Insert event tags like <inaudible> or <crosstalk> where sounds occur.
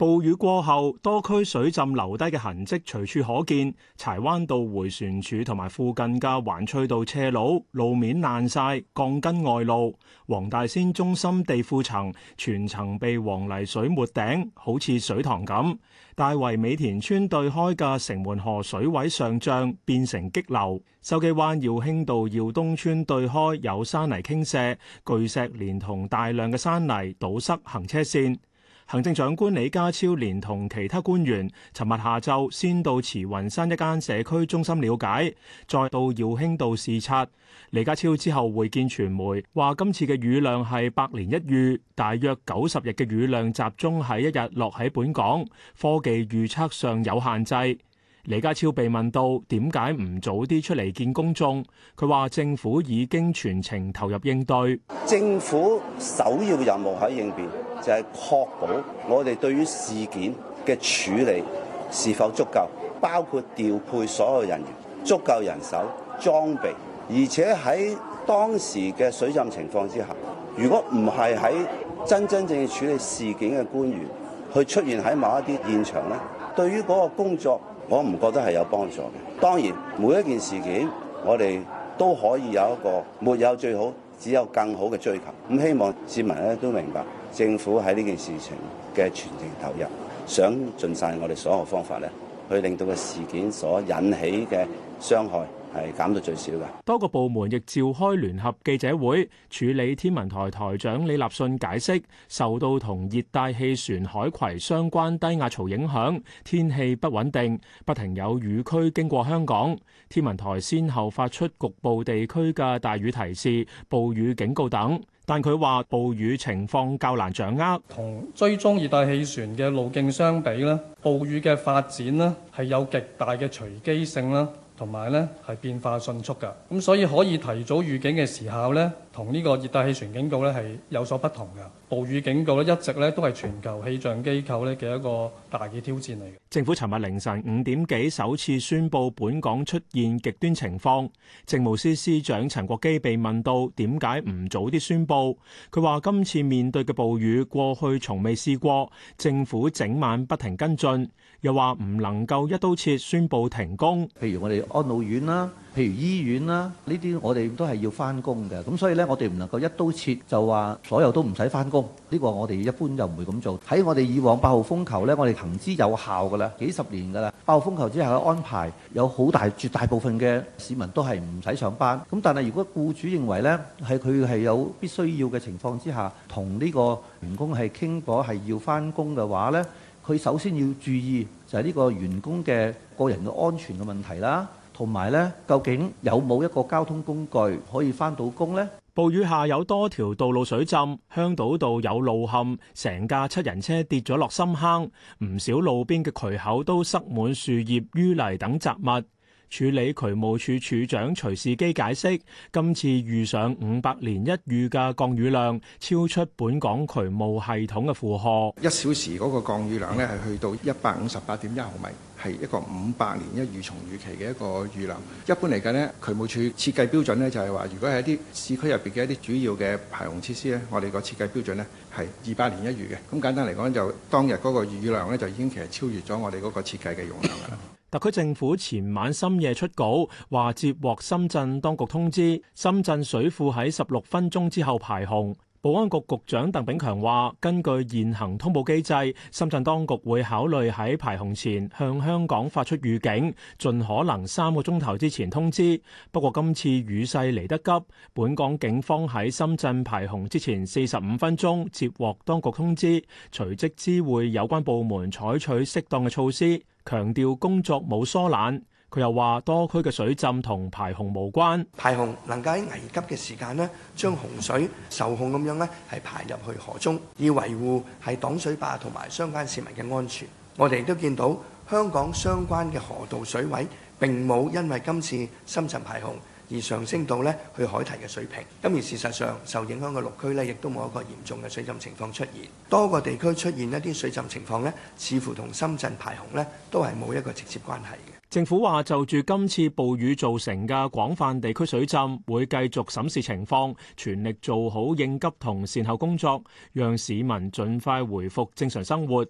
暴雨過後，多區水浸留低嘅痕跡隨處可見。柴灣道回旋處同埋附近嘅環翠道斜路路面爛晒，鋼筋外露。黃大仙中心地庫層全層被黃泥水沒頂，好似水塘咁。大圍美田村對開嘅城門河水位上漲，變成激流。筲箕灣耀興道耀東村對開有山泥傾瀉，巨石連同大量嘅山泥堵塞行車線。行政長官李家超連同其他官員，尋日下晝先到慈雲山一間社區中心了解，再到耀興道視察。李家超之後會見傳媒，話今次嘅雨量係百年一遇，大約九十日嘅雨量集中喺一日落喺本港。科技預測上有限制。李家超被問到點解唔早啲出嚟見公眾，佢話政府已經全程投入應對。政府首要任務喺應變，就係確保我哋對於事件嘅處理是否足夠，包括調配所有人員、足夠人手裝備，而且喺當時嘅水浸情況之下，如果唔係喺真真正正處理事件嘅官員去出現喺某一啲現場呢。對於嗰個工作，我唔覺得係有幫助嘅。當然，每一件事件，我哋都可以有一個沒有最好，只有更好嘅追求。咁希望市民咧都明白，政府喺呢件事情嘅全情投入，想盡晒我哋所有方法咧，去令到個事件所引起嘅傷害，係減到最少嘅。多個部門亦召開聯合記者會處理。天文台台長李立信解釋，受到同熱帶氣旋海葵相關低壓槽影響，天氣不穩定，不停有雨區經過香港。天文台先後發出局部地區嘅大雨提示、暴雨警告等。但佢話暴雨情況較難掌握，同追蹤熱帶氣旋嘅路徑相比呢，暴雨嘅發展呢係有極大嘅隨機性啦。同埋咧，係變化迅速㗎，咁所以可以提早預警嘅時候咧。同呢個熱帶氣旋警告咧係有所不同嘅，暴雨警告咧一直咧都係全球氣象機構咧嘅一個大嘅挑戰嚟嘅。政府尋日凌晨五點幾首次宣布本港出現極端情況，政務司司長陳國基被問到點解唔早啲宣布，佢話今次面對嘅暴雨過去從未試過，政府整晚不停跟進，又話唔能夠一刀切宣布停工。譬如我哋安老院啦、啊。譬如醫院啦，呢啲我哋都係要翻工嘅，咁所以呢，我哋唔能夠一刀切就話所有都唔使翻工，呢個我哋一般就唔會咁做。喺我哋以往八號風球呢，我哋行之有效噶啦，幾十年噶啦。八號風球之下嘅安排有好大絕大部分嘅市民都係唔使上班。咁但係如果雇主認為呢，係佢係有必須要嘅情況之下，同呢個員工係傾過係要翻工嘅話呢，佢首先要注意就係呢個員工嘅個人嘅安全嘅問題啦。同埋咧，究竟有冇一個交通工具可以返到工呢？暴雨下有多條道路水浸，香島道有路陷，成架七人車跌咗落深坑，唔少路邊嘅渠口都塞滿樹葉、淤泥等雜物。處理渠務署署長徐仕基解釋：今次遇上五百年一遇嘅降雨量，超出本港渠務系統嘅負荷。一小時嗰個降雨量咧，係去到一百五十八點一毫米，係一個五百年一遇重雨期嘅一個雨量。一般嚟緊呢，渠務署設計標準呢就係、是、話，如果係一啲市區入邊嘅一啲主要嘅排洪設施呢，我哋個設計標準呢係二百年一遇嘅。咁簡單嚟講，就當日嗰個雨量呢，就已經其實超越咗我哋嗰個設計嘅容量㗎啦。 <laughs> 特區政府前晚深夜出稿，話接獲深圳當局通知，深圳水庫喺十六分鐘之後排洪。保安局局長鄧炳強話，根據現行通報機制，深圳當局會考慮喺排洪前向香港發出預警，盡可能三個鐘頭之前通知。不過今次雨勢嚟得急，本港警方喺深圳排洪之前四十五分鐘接獲當局通知，隨即知會有關部門採取適當嘅措施，強調工作冇疏懶。佢又話：多區嘅水浸同排洪無關，排洪能夠喺危急嘅時間呢，將洪水受控咁樣呢係排入去河中，以維護係擋水壩同埋相關市民嘅安全。我哋都見到香港相關嘅河道水位並冇因為今次深圳排洪而上升到呢去海堤嘅水平。咁而事實上，受影響嘅六區呢亦都冇一個嚴重嘅水浸情況出現。多個地區出現一啲水浸情況呢，似乎同深圳排洪呢都係冇一個直接關係嘅。政府話就住今次暴雨造成嘅廣泛地區水浸，會繼續審視情況，全力做好應急同善後工作，讓市民盡快回復正常生活。